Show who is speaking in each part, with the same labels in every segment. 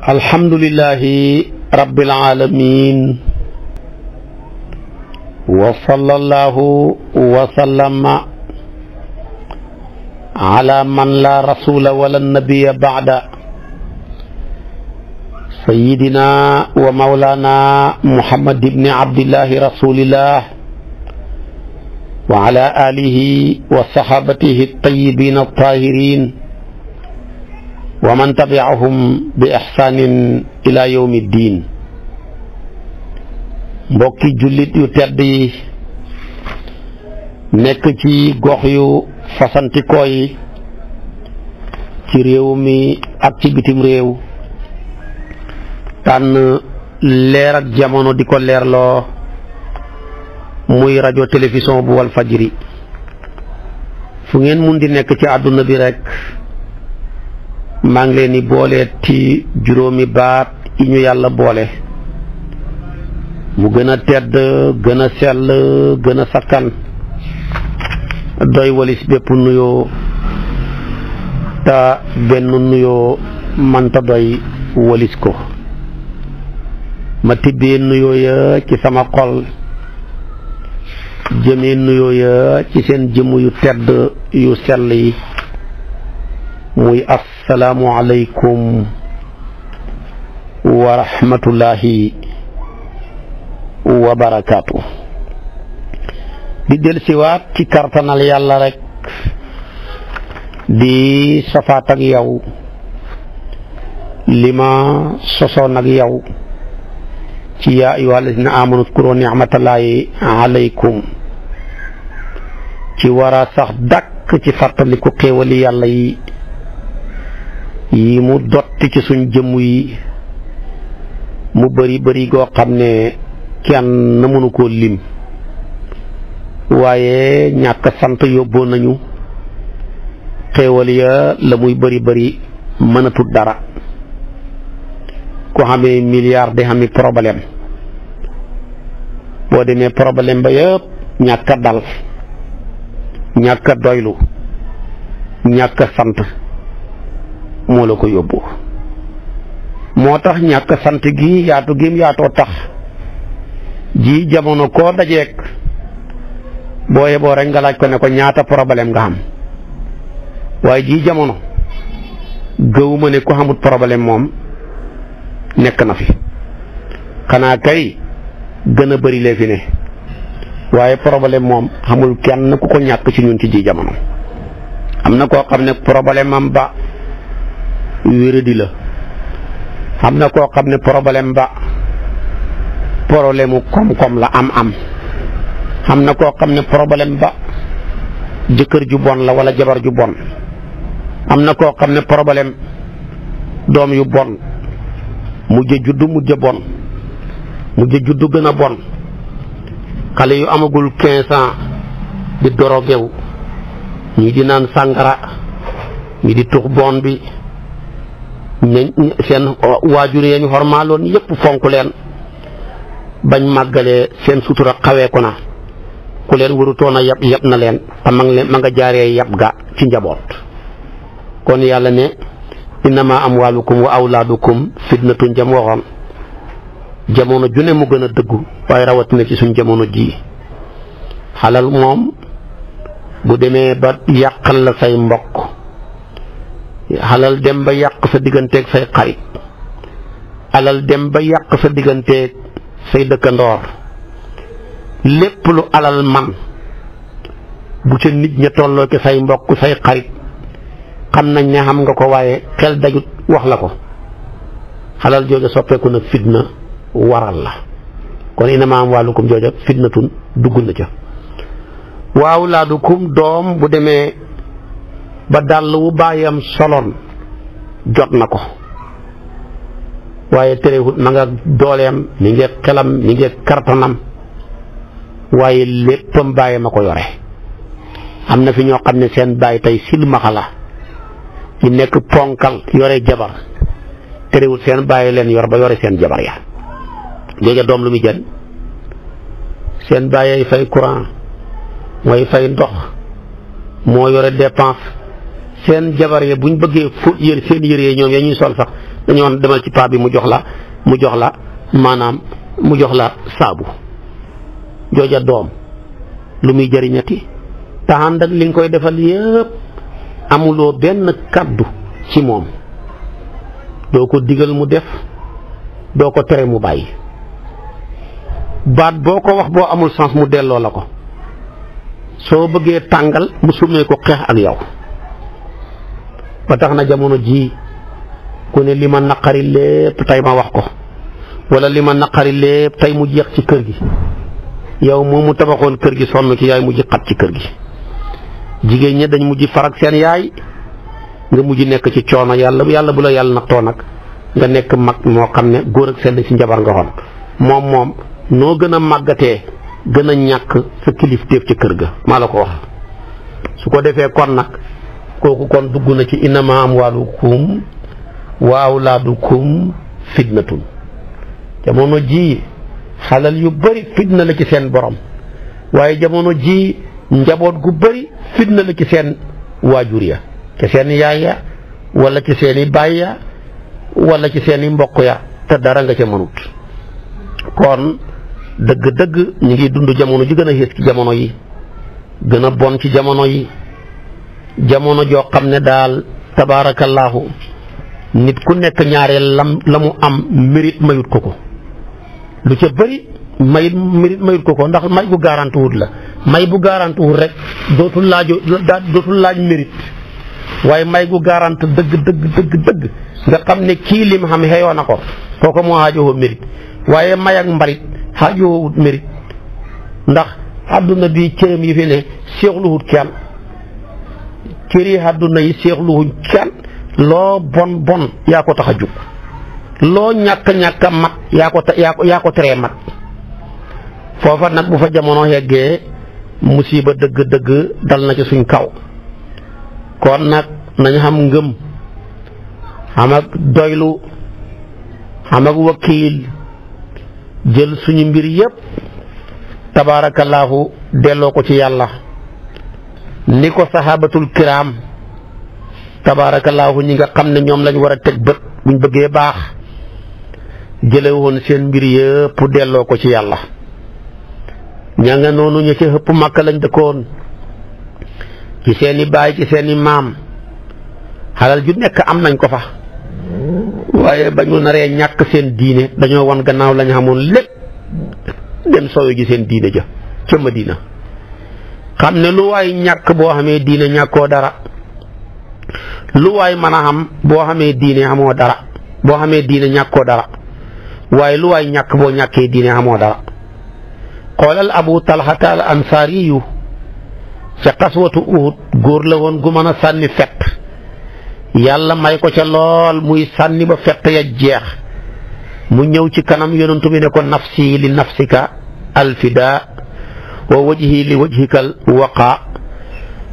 Speaker 1: alhamdulilahi rabbil alamin wa sallallahu wa sallama ala man la rasula wala nabiya baada sayidina wa maulana muhammad ibni abdillahi rasulillah wa ala alihi wa sahabatihi altayibin altahirin wa man tabiahum bi ixsaanin ila yawmi mbokki jullit yu tedd yi nekk ci gox yu fasantikoo yi ci réew mi ak ci bitim réew tànn leer ak jamono di ko leerloo muy rajo télévision bu Walfajri fu ngeen mun di nekk ci àdduna bi rekk maa ngi leen di boole ci juróomi baat yi ñu yàlla boole mu gën a tedd gën a sell gën a sakkan doy walis bépp nuyoo te benn nuyoo mënta doy walis ko ma tibbee nuyoo ya ci sama xol jëmee nuyoo ya ci seen jëmm yu tedd yu sell yi muy as asalaamualeykum wa rahmatullahi wa barakaatu. di dellusiwaat ci kartanal yàlla rek di safaat ak yow li ma sosoon ak yow ci yaa ayyuha llazina aamanu uzkuru nicmatallahi alaykum ci war a sax dàkk ci fàttaliku xéewali yàlla yi. yi mu dotti ci suñ jëmm yi mu bari bari goo xam ne kenn mënu koo lim waaye ñàkk sant yóbboo nañu xéewal ya la muy bari bari mënatul dara ku xamee milliard di xami problème boo demee problème ba yëpp ñàkk dal ñàkk doylu ñàkk sant moo la ko yóbbu moo tax ñàkk sant gi yaatu gim yaatoo tax ji jamono koo dajeek boo yeboo rek nga laaj ko ne ko ñaata problème nga xam waaye jii jamono gëwuma ne ku xamut problème moom nekk na fi xanaa kay gën a bëri lee ne waaye problème moom xamul kenn ku ko ñàkk ci ñun ci ji jamono am na koo xam ne problème am ba wéradi la am na koo xam ne problème ba problème kom kom la am-am am na koo xam ne problème ba jëkkër ju bon la wala jabar ju bon am na koo xam ne problème doom yu bon mujj juddu mujj bon mujj juddu gën a bon xale yu amagul quinze ans di dorogew ñii di naan sàngara ñii di tux bon bi ñañ seen waajur yañ xormaaloon yëpp fonk leen bañ màggalee seen sutura xawee ko na ku leen warutoon a yab yab na leen te ma nga ma nga jaaree yab ga ci njaboot kon yàlla ne innama amwaalukum wa awlaadukum fitnatun jam waxoon jamono ju ne mu gën a dëggu waaye rawatina ci suñ jamono ji xalal moom bu demee ba yàqal la say mbokk alal dem ba yàq sa digganteeg say xarit alal dem ba yàq sa digganteeg say dëkkandoor lépp lu alal man bu ca nit ña tolloo ci say mbokk say xarit xam nañ ne xam nga ko waaye xel dajut wax la ko xalal jooja soppeeku na fitna waral la kon inama am wàllukum jooja fitnatun dugg na ca waaw laadukum doom bu demee ba dàll wu baayam soloon jot na ko waaye terewut ma nga dooleem mi ngi xelam mi ngi kartanam waaye léppam baayam a ko yore am na fi ñoo xam ne seen baay tey silmaxa la nekk ponkal yore jabar terewut seen baay leen yor ba yore seen jabar ya léegi doom lu muy jën seen baay fay courant moo yore dépense seen jabar ya ñu bëggee fóot yër seen yëree ñoom ya ñuy sol sax dañoo demal ci paa bi mu jox la mu jox la maanaam mu jox la saabu jooja doom lu muy jëriñati te li nga koy defal yépp amuloo benn kàddu ci moom doo ko digal mu def doo ko tere mu bàyyi baat boo ko wax boo amul sens mu delloo la ko soo bëggee tàngal mu sumee ko xeex ak yow ba tax na jamono jii ku ne li ma naqari lépp tey ma wax ko wala li ma naqari lépp tey mu jeex ci kër gi yow moom mu tabaxoon kër gi sonn ci yaay mujj xat ci kër gi jigéen ñi dañ mujj farak seen yaay nga mujj nekk ci coono yàlla yàlla bu la yàlla naqtoo nag nga nekk mag moo xam ne góor ak seen ci njabar nga xoon moom moom noo gën a màggatee gën a ñàkk sa kilifteef ci kër ga maa la ko wax su ko defee kon nag kooku kon dugg na ci innama amwaalukum wa awlaadukum fitnatun jamono ji xalal yu bëri fitna la ci seen borom waaye jamono ji njaboot gu bari fitna la ci seen waajur ya ci seen yaay ya wala ci seeni i baay ya wala ci seeni i mbokk ya te dara nga ca mënut kon dëgg-dëgg ñu ngi dund jamono ji gën a xées ci jamono yi gën a bon ci jamono yi jamono joo xam ne daal tabaarakallaahu nit ku nekk ñaareel lam la mu am mérite mayut ko ko lu ca bëri mayit mérite mayut ko ko ndax may bu garanti wut la may bu garanti wut rek dootul laajoo dootul laaj mérite waaye may gu garanti dëgg dëgg dëgg dëgg nga xam ne kii lim xam xeyoo na ko ko moo xaajowoo mérite waaye mayak ak mbarit xaajowoo wut mérite ndax àdduna di cëram yi fi ne seexlu wut kenn cëri àdduna yi seexluwuñ kenn loo bon bon yaa ko tax a jug loo ñàkk ñàkk a mat yaa ko teree mat foofa nag bu fa jamono yeggee musiba dëgg dëgg dal na ci suñ kaw kon nag nañ xam ngëm xam ak doylu xam ak wakiil jël suñu mbir yépp tabaarakallaahu delloo ko ci yàlla li ko saxaabatul kiraam tabaarakallaahu ñi nga xam ne ñoom lañ war a teg bët buñ bëggee baax jële woon seen mbir yëpp delloo ko ci yàlla ña noonu ña ci ëpp màkk lañ dëkkoon ci seeni baay ci seeni maam xalal ju nekk am nañ ko fa waaye ba ñu naree ñàkk seen diine dañoo won gannaaw lañ xamoon lépp dem sooyo ji seen diine ja ca Madina xam ne lu waay ñàkk boo xamee diine ñàkkoo dara lu waay mën a xam boo xamee diine xamoo dara boo xamee diine ñàkkoo dara waaye lu waay ñàkk boo ñàkkee diine xamoo dara xoolal abu talhata al ansaari yu ca xaswatu uut góor la woon gu mën a sànni fett yàlla may ko ca lool muy sànni ba fett ya jeex mu ñëw ci kanam yonentu bi ne ko nafsi li nafsika alfida wa wajhi li wajhikal waqa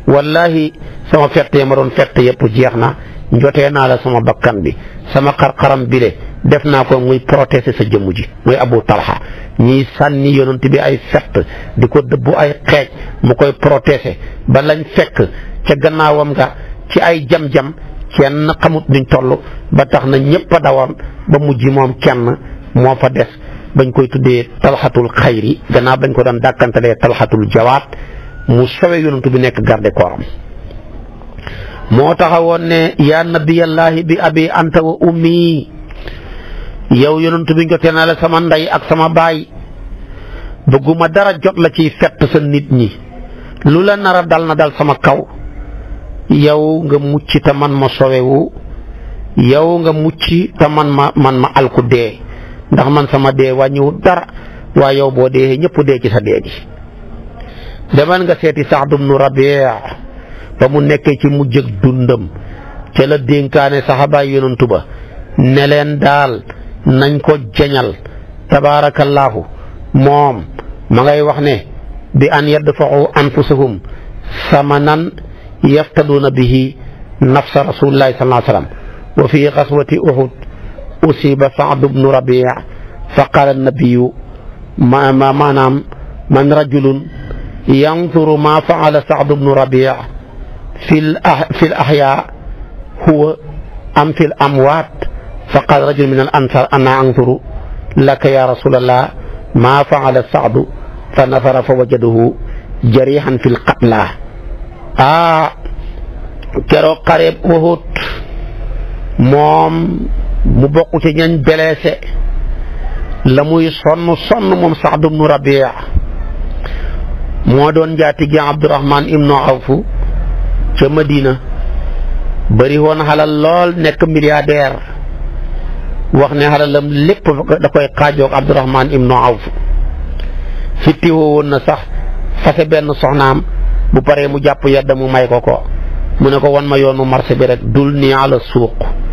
Speaker 1: wallahi sama fett ya ma doon fett yëpp jeex na njote naa la sama bakkan bi sama xarxaram bile def naa ko muy protéger sa jëmm ji muy abu talha ñuy sànni yonent bi ay fett di ko dëbbu ay xeej mu koy protéger ba lañ fekk ca gannaawam nga ci ay jam-jam kenn xamut nuñ toll ba tax na ñëpp a dawam ba mujj moom kenn moo fa des bañ koy tuddee talxatul xayri gannaaw bañ ko daan dàkkantalee talxatul jawaat mu sowe yonantu bi nekk garde kooram moo taxawoon ne yaa nabiyallahi bi abi anta wa ummi yow yonantu bi jotee naa la sama ndey ak sama baay bëgguma dara jot la ciy fett sa nit ñi lu la nara dal na dal sama kaw yow nga mucc te man ma sowewu yow nga mucc te man ma man ma alku ndax man sama dee wàññiwut dara waa yow boo dee ñëpp dee ci sa dee ji demal nga seeti Saxd ibnu Rabiic ba mu nekkee ci mujj ak dundam ca la dénkaane saxaabaay yonantu ba ne leen daal nañ ko jañal tabaarakallaahu moom ma ngay wax ne bi an yadfaxu anfusahum samanan yaftaduuna bihi nafsa rasulillahi sallallahu alayhi wa sallam wa fi xaswati usiba Saad bnu Rabiic fa qaala nabiyu ma maanaam man rajulun yanzuru maa faala Saad bnu Rabiic fil fil axyaa huwa am fil amwaat fa qaala rajulun min al ansaar ana anzuru laka yaa rasuulallah maa faala Saadu fa nazara fa wajadahu jariihan fil qatlaa ah keroog xareeb Uhud moom mu bokk ci ñañ blessé la muy sonn sonn moom Saad ibnu Rabia moo doon njaatige Abdurahman ibnu Awfu ca Madina bëri woon xalal lool nekk milliardaire wax ne xalalam lépp da koy xaajoog Abdurahman ibnu Awf fittiwoo woon na sax fase benn soxnaam bu paree mu jàpp yedda mu may ko ko mu ne ko wan ma yoonu marché bi rek dul nii ala suuq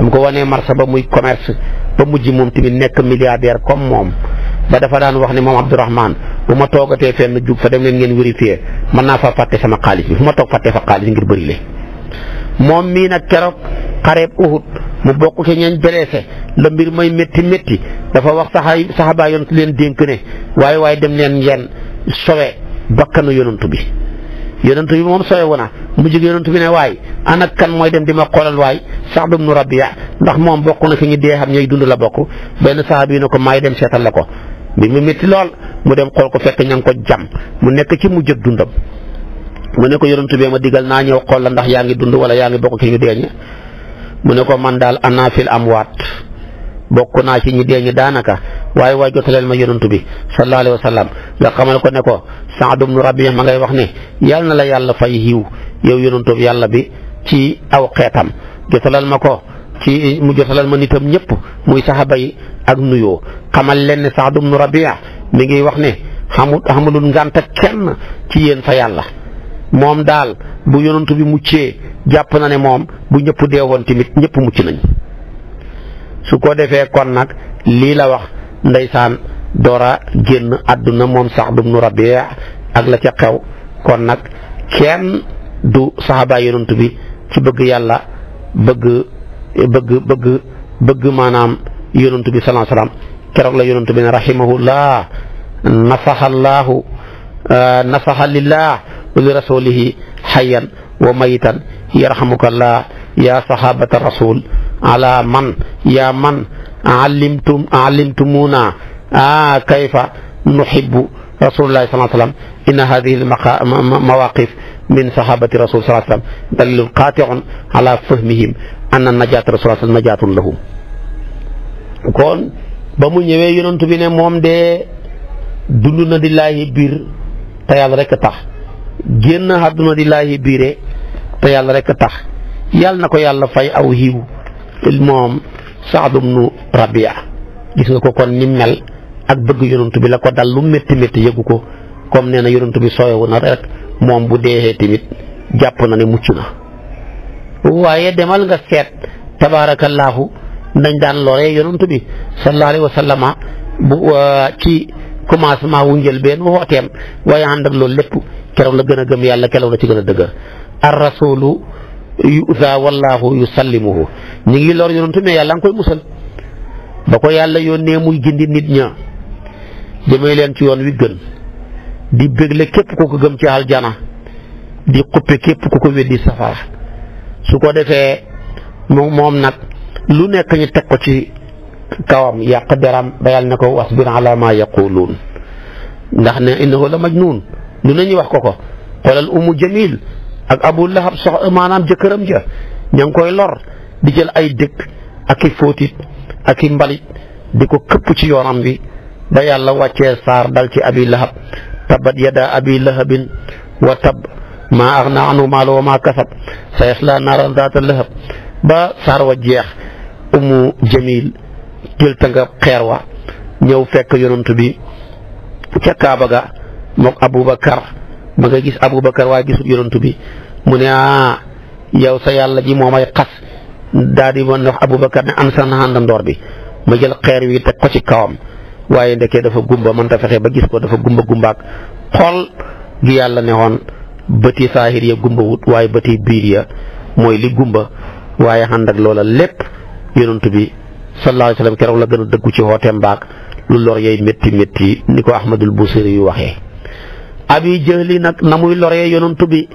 Speaker 1: dama ko wanee martaba muy commerce ba mujj moom tamit nekk milliardaire comme moom ba dafa daan wax ne moom Abdourahman bu ma toogatee fenn jug fa dem leen ngeen vérifier mën naa fa fàtte sama xaalis bi fu ma toog fàtte fa xaalis ngir bëri le moom mii nag keroog xareeb Uhud mu bokk ci ñañ blessé la mbir may métti métti dafa wax saxaay saxaabaa yonent leen dénk ne waaye waaye dem leen ngeen sowe bakkanu yonent bi yonent bi moom sooy wona mu jóg yonent bi ne waay ana kan mooy dem di ma xoolal waay Saxd ibnu Rabiya ndax moom bokk na fi ñu dee xam ñooy dund la bokk benn saxaabi ne ko maay dem seetal la ko bi mi métti lool mu dem xool ko fekk ña ngi ko jam mu nekk ci mu jëg dundam. mu ne ko yonent bi ma digal naa ñëw xool la ndax yaa ngi dund wala yaa ngi bokk ki ñu deeñe mu ne ko man daal ana fil amwaat bokk naa ci ñi dee ñu daanaka waaye waay jotaleel ma yonantu bi sallallahu alayhi wa sallam nga xamal ko ne ko Saad ibnu Rabiya ma ngay wax ne yal na la yàlla fay yiw yow yonantu yàlla bi ci aw xeetam jotalal ma ko ci mu jotalal ma nitam ñëpp muy saxaba yi ak nuyoo xamal leen ne Saad ibnu Rabiya mi ngi wax ne xamul xamalul ngànta kenn ci yéen fa yàlla moom daal bu yonantu bi muccee jàpp na ne moom bu ñëpp deewoon tamit ñëpp mucc nañ su ko defee kon nag lii la wax ndeysaan doora génn àdduna moom sax dum nu ak la ca xew kon nag kenn du saxaaba yonent bi ci bëgg yàlla bëgg bëgg bëgg maanaam yonent bi salaa salaam keroog la yonent bi ne rahimahullah nasaxallaahu nasaxa lillah wa li rasulihi xayan wa mayitan yarhamukallah ya sahabata rasul ala man ya man allimtum allimtumuna a kayfa nuhibbu rasulullah sallallahu alayhi wa sallam inna hadihi almawaqif min sahabati rasul sallallahu alayhi wa sallam dalilun qati'un ala fahmihim anna najat rasul sallam najatun lahum kon ba mu ñëwee yonent bi ne moom de dund na di laahi biir te yàlla rek tax génn àdduna di laahi biire te yàlla rek tax yàlla na ko yàlla fay aw yiw moom Saad ibnu Rabia gis nga ko kon ni mel ak bëgg yonent bi la ko dal lu métti métti yëgu ko comme nee na yonent bi sooyewu na rek moom bu dee tamit jàpp na ne mucc na waaye demal nga seet tabaarakallaahu dañ daan loree yonent bi sallallahu alayhi wa sallama bu euh, ci commencement wu njëlbeen wa wooteem waaye ànd ak loolu lépp keroog la gën a gëm yàlla keroog la ci gën a dëgër ar rasulu yusa wallahu yusallimuhu ñu ngi lor yonantu mais yàlla nga koy musal ba ko yàlla yónnee muy gindi nit ña jëmee leen ci yoon wi gën di bégle képp ko ko gëm ci aljana di xuppe képp ku ko weddi safara su ko defee moom nag lu nekk ñu teg ko ci kawam yàq deram ba yàlla ne ko wasbir ala ma yaquluun ndax ne innahu la majnuun lu ne ñu wax ko ko xoolal umu jamil ak abu lahab sox maanaam jëkkëram ja ña ngi koy lor di jël ay dëkk ak i fóotit ak i mbalit di ko këpp ci yoonam bi ba yàlla wàccee saar dal ci abi lahab tabbat yada abi lahabin wa tab maa agna anhu maalu wa maa kasab sayasla naaran zaata lahab ba saar wa jeex umu jamil til tanga xeer wa ñëw fekk yonent bi ca Kaaba ga mook Aboubacar ma nga gis Aboubacar waaye gisul yonent bi mu ne ah yow sa yàlla ji moo may xas daal di mën a wax Aboubacar ne an sa naxandandoor bi ma jël xeer wi teg ko ci kawam waaye ndekee dafa gumba mënta fexe ba gis ko dafa gumba gumbaak xool gi yàlla ne woon bëti saahir ya gumba wut waaye bëti biir ya mooy li gumba waaye ànd ak loola lépp yonent bi sallallahu alayhi keroog la gën a dëggu ci woote mbaak lu lor yey métti métti ni ko ahmadul busiri yu waxee abi jëli nag na muy loree yonantu bi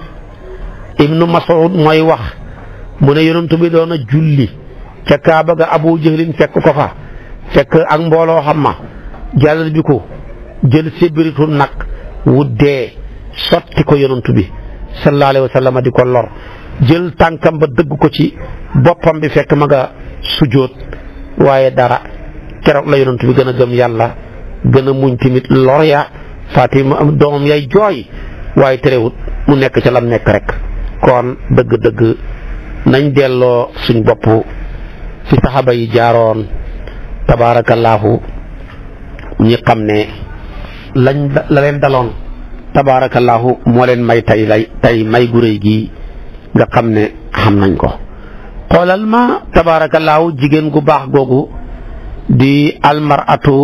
Speaker 1: ibnu mas'ud mooy wax mu ne yonantu bi doon a julli ca kaaba ga abu jëlin fekk ko fa fekk ak mbooloo xam ma jàllal bi ko jël sébiritu nag wuddee sotti ko yonantu bi sallallahu alayhi wa sallam di ko lor jël tànkam ba dëgg ko ci boppam bi fekk ma nga sujoot waaye dara keroog la yonent bi gën a gëm yàlla gën a muñ tamit lor ya Fatima doomam yay jooy waaye terewut mu nekk ca lam nekk rek kon dëgg-dëgg nañ delloo suñ bopp fi saxaba yi jaaroon tabaarakallaahu ñi xam ne lañ la leen daloon tabaarakallaahu moo leen may tey tey may gu réy gi nga xam ne xam nañ ko xoolal ma tabaarakallaahu jigéen gu baax googu di almaratu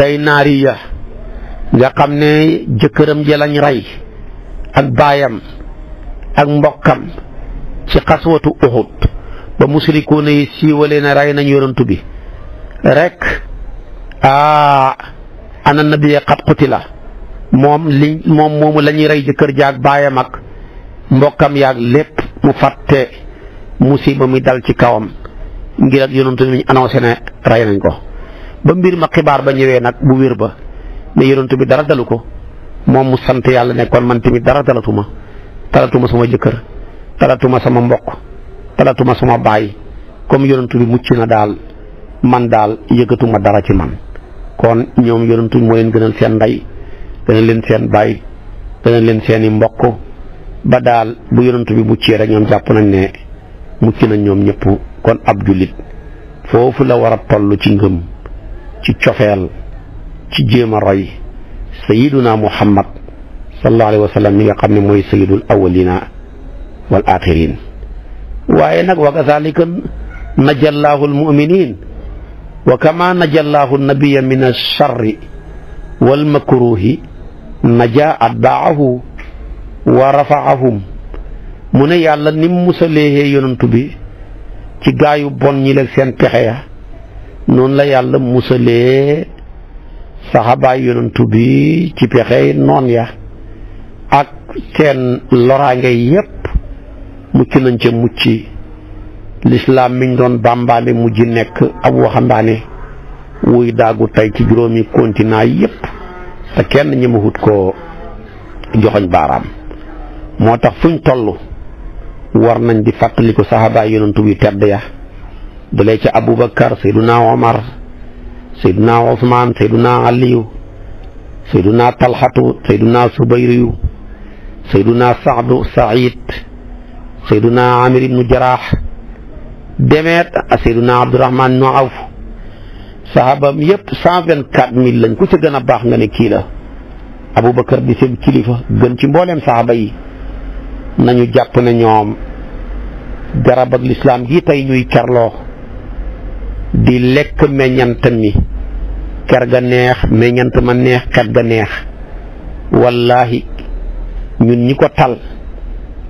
Speaker 1: day naariya nga xam ne jëkkëram ja lañu rey ak baayam ak mbokkam ci xaswatu uxut ba musrikuuna yi siiwalee ne rey nañ yonantu bi rek aa ana nabiya xat xutila moom li moom moomu la rey jëkkër jaag baayam ak mbokkam yaag lépp mu fàtte musiba muy dal ci kawam ngir ak yonantu bi ñu annoncé ne rey nañ ko ba mbir ma xibaar ba ñëwee nag bu wér ba ne yonantu bi dara dalu ko moom mu sant yàlla ne kon man tamit dara dalatuma talatuma sama jëkkër talatuma sama mbokk talatuma sama baay comme yonantu bi mucc na daal man daal yëgatuma dara ci man kon ñoom yonantu moo leen gënal seen ndey gënal leen seen baay gënal leen seeni mbokk ba daal bu yonantu bi muccee rek ñoom jàpp nañ ne mucc na ñoom ñëpp kon ab jullit foofu la war a toll ci ngëm ci cofeel ci jéem a roy sayiduna muhammad sallallahu alayhi wa sallam mi nga xam ne mooy sayidul awalina wal axirin waaye nag wa kazalika najallaahu almuminin wa kama najallaahu nabiya min alcharri walmakruhi najaa atbaahu wa rafaahum mu ne yàlla ni mu musalee yonantu bi ci gaayu bon ñi seen pexe ya noonu la yàlla musalee saxaabaay yonantu bi ci pexe noon ya ak seen loraange yépp mucc nañ ca mucc lislaam mi miñ doon bàmbaane mujj nekk ab waxambaane wuy daagu tey ci juróomi continent yépp te kenn ñemewut ko joxoñ baaraam moo tax fuñ tollu war nañ di fàttaliku saxaabaay yonantu bi tedd ya dalee ca Aboubacar Seyduna Omar Seyduna Ousmane Seyduna Aliyu Seyduna Talxatu Seyduna Subayriyu Seyduna Saadu Saïd Seyduna Amir ibnu Jaraax demeet Seyduna Abdurahmaan ibnu Awf saxaabaam yëpp cent vingt quatre lañ ku ci gën a baax nga ne kii la Aboubacar di seen kilifa gën ci mboolem saxaaba nañu jàpp ne ñoom garab ak lislaam gi tey ñuy kerloo di lekk meññant mi ker ga neex meññant ma neex ker ga neex wallahi ñun ñi ko tal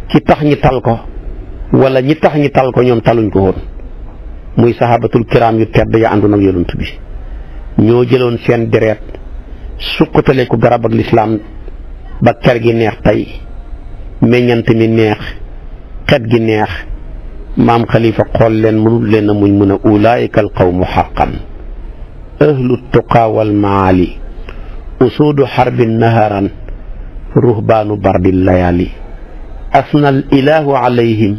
Speaker 1: ci tax ñi tal ko wala ñi tax ñi tal ko ñoom taluñ ko woon muy sahabatul kiram yu tedd ya àndoon ak bi ñoo jëloon seen deret suqatale ko garab ak lislaam ba ker gi neex tey meññant mi neex xet gi neex maam xalifa xool leen mënul leen a muñ mun a ulaayika al qawmu xaqan ahlu tuqaa wal maali usuudu xarbin naharan ruhbaanu bardi layaali asna al ilaahu alayhim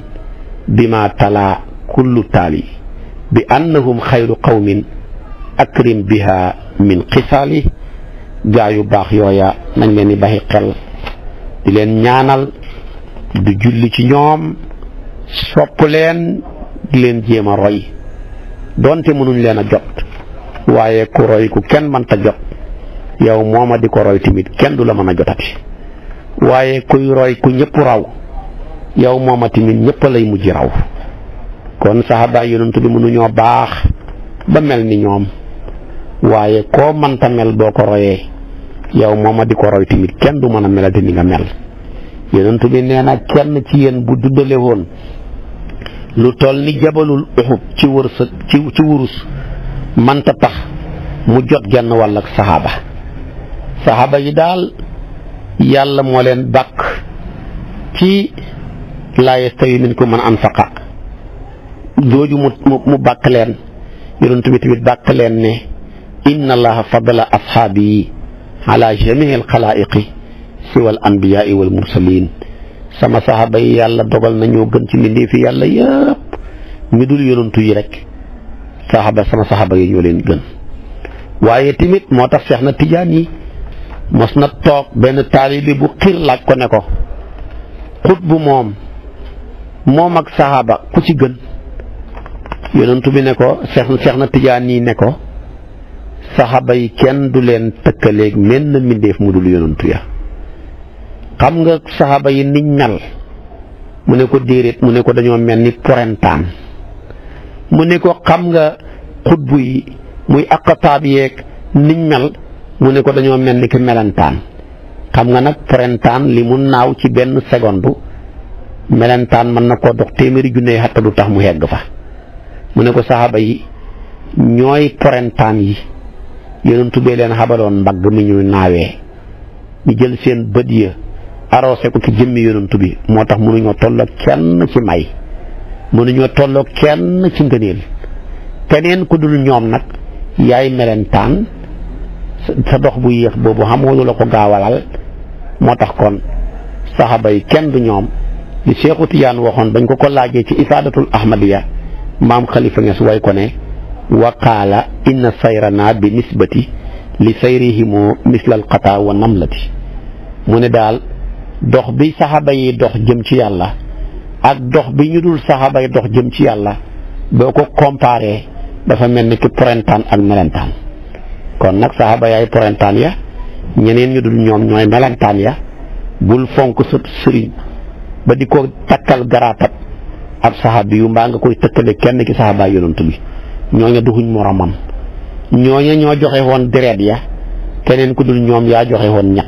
Speaker 1: bima tala bi yu baax yooya nañ leen di di leen ñaanal du julli ci ñoom sopp leen di leen jéem a roy doonte mënuñ leen a jot waaye ku roy ku kenn mënta jot yow a di ko roy tamit kenn du la mën a jotati waaye kuy roy ku ñëpp raw yow mooma tamit ñëpp lay mujj raw kon saxaba yonent bi mënuñoo baax ba mel ni ñoom waaye koo mënta mel boo ko royee yow a di ko roy tamit kenn du mën a melati ni nga mel yonent bi nee na kenn ci yéen bu duddale woon lu toll ni jabalul uxub ci wërsëg ci wurus manta tax mu jot genn wàll ak saxaaba saxaaba yi daal yàlla moo leen bàkk ci laa yastawi minkum man anfaqa jooju mu mu bàkk leen yonent bi tamit bàkk leen ne inna allaha fadala ashaabi ala jamii alxalaa'iqi wal anbiyaa wal mursaliin sama saxaaba yi yàlla dogal na ñoo gën ci mbindeef yi yàlla yëpp ñu dul yonantu yi rek saxaaba sama saxaaba yi ñoo leen gën waaye tamit moo tax seex na tijaan yi mos na toog benn taalibi bu xiir laaj ko ne ko xut bu moom moom ak saxaaba ku ci gën yonantu bi ne ko seex na tijaan yi ne ko saxaaba yi kenn du leen tëkkaleeg menn mbindeef mu dul yonantu ya xam nga saxaaba yi niñ mel mu ne ko déedéet mu ne ko dañoo mel ni porentaan mu ne ko xam nga xutbu yi muy aqtaab yeeg niñ mel mu ne ko dañoo mel ni ki melentaan xam nga nag porentaan li mu naaw ci benn seconde melentaan mën na koo dox téeméeri junne yi xatta du tax mu yegg fa mu ne ko saxaaba yi ñooy porentaan yi yéen a tuddee leen xabaloon mbagg mi ñuy naawee ñu jël seen bët ya arrosé ko ci jëmmi yonantu bi moo tax mënuñoo tolloog kenn ci may mënuñoo tolloog kenn ci ngëneel keneen ku dul ñoom nag yaay melentaan sa dox bu yéex boobu xamoo lu ko gaawalal moo tax kon saxaba yi kenn du ñoom li Seexu Tijaan waxoon bañ ko ko laajee ci ifaadatul ahmadiya maam Xalifa Ñas way ko ne wa qaala inna sayrana bi nisbati li sayrihimu mislal qataa wa namlati mu ne daal dox bi saxaaba yi dox jëm ci yàlla ak dox bi ñu dul saxaaba yi dox jëm ci yàlla boo ko comparé dafa mel ni ki porentaan ak melentaan kon nag saxaaba yaay porentaan ya ñeneen ñu dul ñoom ñooy melentaan ya bul fonk sa sëriñ ba di ko takkal garaatab ab saxaabi yu mbaa nga koy tëkkale kenn ki saxaabaay yonent bi ñoo ñooña duxuñ moromam ñooña ñoo joxe woon deret ya keneen ku dul ñoom yaa joxewoon woon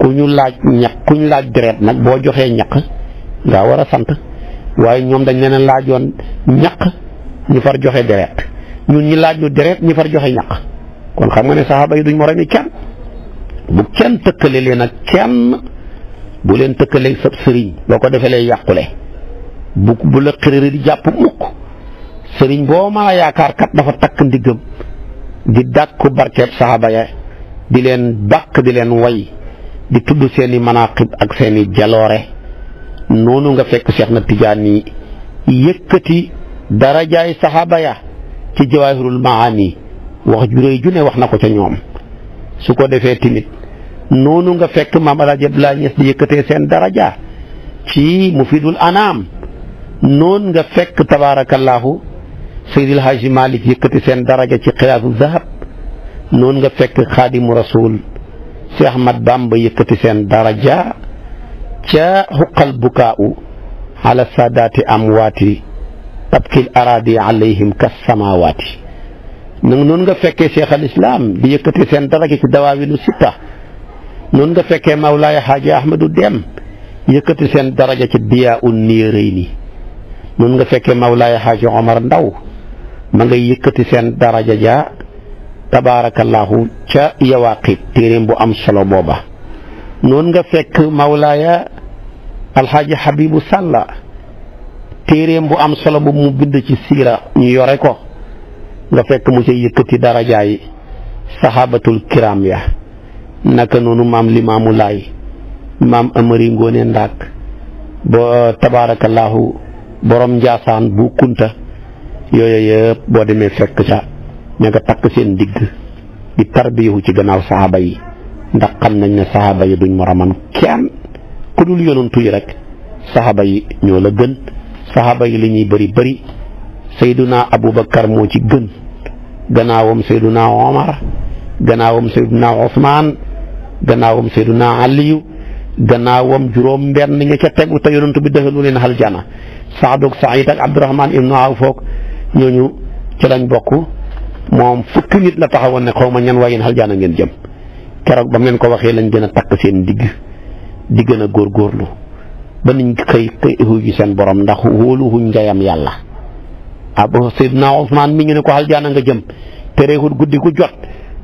Speaker 1: ku ñu laaj ñaq ku ñu laaj deret nag boo joxee ñaq ngaa war a sant waaye ñoom dañ leen a laajoon ñaq ñu far joxe deret ñun ñi laaj ñu deret ñu far joxe ñaq kon xam nga ne saxaaba yi duñ moromi kenn bu kenn tëkkale leen ak kenn bu leen tëkkaleeg sab sëriñ boo ko defee lay yàqule bu bu la xërëri di jàpp mukk sëriñ boo mën a yaakaar kat dafa takk ndiggam di dàkku barkeeb saxaaba ya di leen bàkk di leen way di tudd seeni manaqib ak seeni jaloore noonu nga fekk seex na Tijaan yi yëkkati darajaay saxaaba ya ci jawaahirul maani wax ju ju ne wax na ko ca ñoom su ko defee timit noonu nga fekk maam El Hadj Abdoulaye Niass di yëkkatee seen daraja ci mufidul anaam noon nga fekk tabaarakallaahu Seydil Haaji Malik yëkkati seen daraja ci xilaasu zahab noonu nga fekk xaadimu rasul si Ahmad Bamba yëkkati seen daraja ca xuqal bukaa'u ala saadaati amwaati tabkil araadi alayhim kas samaawaati nag noonu nga fekke cheikh al islam di yëkkati seen daraja ci dawaawinu sitta noonu nga fekkee Mawlaaya Xaaji Ahmadu Dem yëkkati seen daraja ci diyaa u niirayni noonu nga fekkee Mawlaaya Xaaji Omar Ndaw ma nga yëkkati seen daraja ja tabaarakallaahu ca yawaaqib téeréem bu am solo booba noon nga fekk mawlaaya alxaaji Habibu Sàlla téeréem bu am solo bu mu bind ci siira ñu yore ko nga fekk mu ca yëkkati darajaay saxaabatul kiram ya naka noonu maam limaamu laay maam amari ngoone ndaak ba tabaarakallaahu borom njaasaan bu kunta yooyu yëpp boo demee fekk ca ña takk seen digg di tarbiyahu ci gannaaw saxaaba yi ndax xam nañ ne saxaaba yi duñ moromam kenn ku dul yonantu yi rek saxaaba yi ñoo la gën saxaaba yi li ñuy bëri bëri sayduna abubakar moo ci gën gannaawam sayduna omar gannaawam sayduna osmaan gannaawam sayduna aliyu gannaawam juróom benn ña ca tegu te yonantu bi dëxalu leen aljana saadog said ak abdurahman ibnu awf ñooñu ci lañ bokk moom fukki nit la taxawoon ne xaw ma ñan waaye yéen aljaana ngeen jëm keroog ba mu leen ko waxee lañ gën a takk seen digg di gën a góorgóorlu ba niñ xëy xëy ji seen borom ndax wóoluwuñ ngayam yàlla. ah ba Seydina Ousmane mi ngi ne ko aljaana nga jëm te réexul guddi gu jot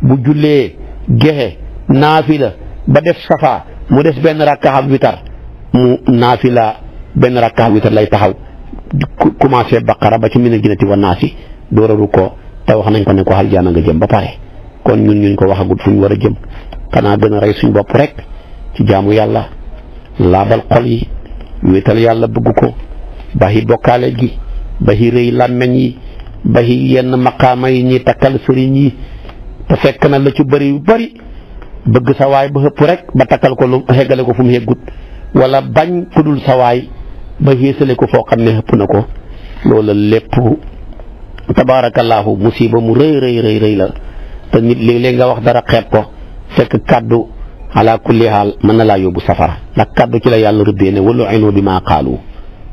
Speaker 1: bu jullee gexe naafila ba def safa mu des benn rakkaxab witar mu la benn rakkaxab witar lay taxaw commencé baqara ba ci mina jinati wa naasi dooraru ko. te wax nañ ko ne ko aljana nga ba pare kon ñun ko waxagut fu ñu war a jëm xanaa gën a rey suñ bopp rek ci jaamu yàlla laabal xol yi wéetal yàlla bëgg ko baxi bokkaale gi baxi rëy làmmeñ yi baxi yenn maqaama yi ñuy takkal sëriñ yi te fekk na la ci bëri yu bëri bëgg sa waay ba xëpp rek ba takkal ko lu xeggale ko fu mu xeggut wala bañ ku dul sa waay ba xéesale ko foo xam ne xëpp na ko loola lépp tabaarakallaahu musiba mu rëy rëy rëy rëy la te nit léeg-léeg nga wax dara xeeb ko fekk kàddu ala kulli haal mën na laa yóbbu safara ndax kàddu ci la yàlla rëbbee ne walu inu bi maa xaalu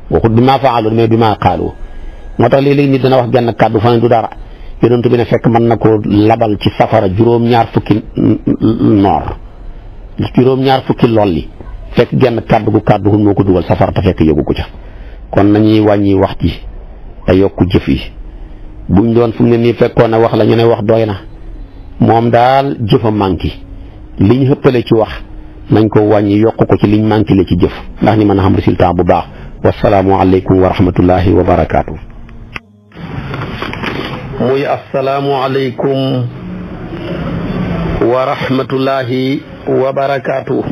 Speaker 1: waxut bi maa faalu mais bi maa xaalu moo tax léeg-léeg nit dana wax genn kàddu fa du dara yonent bi ne fekk mën na koo labal ci safara juróom-ñaar fukki noor juróom-ñaar fukki lolli fekk genn kàddu gu kàddu gu moo ko dugal safara te fekk yóbbu ko ca kon nañuy wàññi wax ji te yi buñ doon fu ne nii fekkoon na wax la ñu ne wax doy na moom daal a manqué liñ xëppale ci wax nañ ko wàññi yokk ko ci liñ manqué la ci jëf ndax ñi mën a xam résultat bu baax wasalaamu aleykum wa rahmatullahi wa barakaatu. muy asalaamu aleykum wa rahmatullahi wa barakaatu.